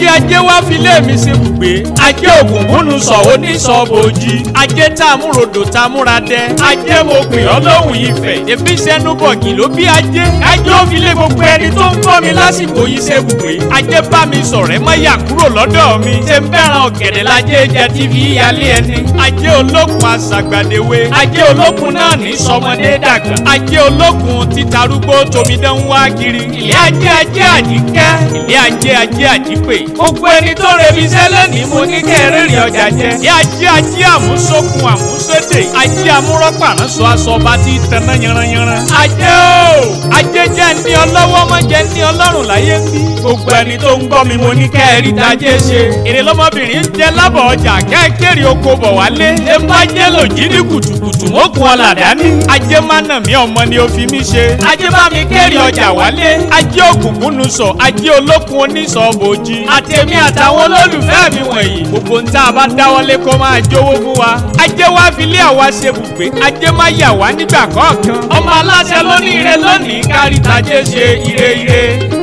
jẹ́ ajé wá fi mi ṣe bùgbé ajé ògùngúnnu sọ oníṣọ́bojì ajé tá a múrodò tá a múra dẹ ajé mo pè ọ́ lóhùn ìfẹ́ èbí sẹ́nu bọ̀gì ló bí ajé ajé ó fi lé gbogbo ẹni tó ń kọ́ mi lásìkò yìí ṣe bùgbé ajé bá mi sọ̀rẹ́ mọ́yà kúrò lọ́dọ̀ mi ṣe ń fẹ́ràn ọ̀gẹ̀dẹ̀ lájé jẹ ti fi yálé ẹni ajé olókun àṣàgbàdéwé ajé olókun náà ní sọmọdé dàgbà ajé olókun títarúgbó tomidán wá kiri ilé ajé ajé àjíkẹ́ ilé ajé ajé àjípè gbogbo ẹni tó rebi sẹ́lẹ̀ ní mo ní kẹrẹ́ rìn ọjà jẹ. ní ajé ajé àmúṣokùn àmúṣédè ajé amúrọ́pà ránṣọ aṣọ ọba tí ì tẹná yanranyanran. ajé o ajé jẹ́ ní ọlọ́wọ́ mọ́ jẹ́ ní ọlọ́run láyé ń bí. gbogbo ẹni tó ń gbọ́ mi mo ní kẹrì dájé ṣe. èrè lọ́mọbìnrin jẹ́ lábọ̀ ọjà kẹ́kẹ́rì oko bọ̀ wálé. ẹ bá jẹ́ lòjì ní kùtùkùtù sùn ó kun ọ̀là dání. ajé má nà mí ọmọ ni ó fi mí ṣe. ajé bá mi kéré ọjà wálé. ajé òkùnkùn nu sọ ajé olókun oníṣọ bòjì. àtẹ̀mí àtàwọn olólùfẹ́ mi wọ̀nyí. gbogbo ń tá a bá dáwọ́lé kó máa jówó fún wa. ajé wá fi lé àwa ṣe bùgbé. ajé má yà wá nígbà kọ̀ọ̀kan. ọmọ aláṣẹ lónìí ire lónìí kárí tajé ṣe ire ire.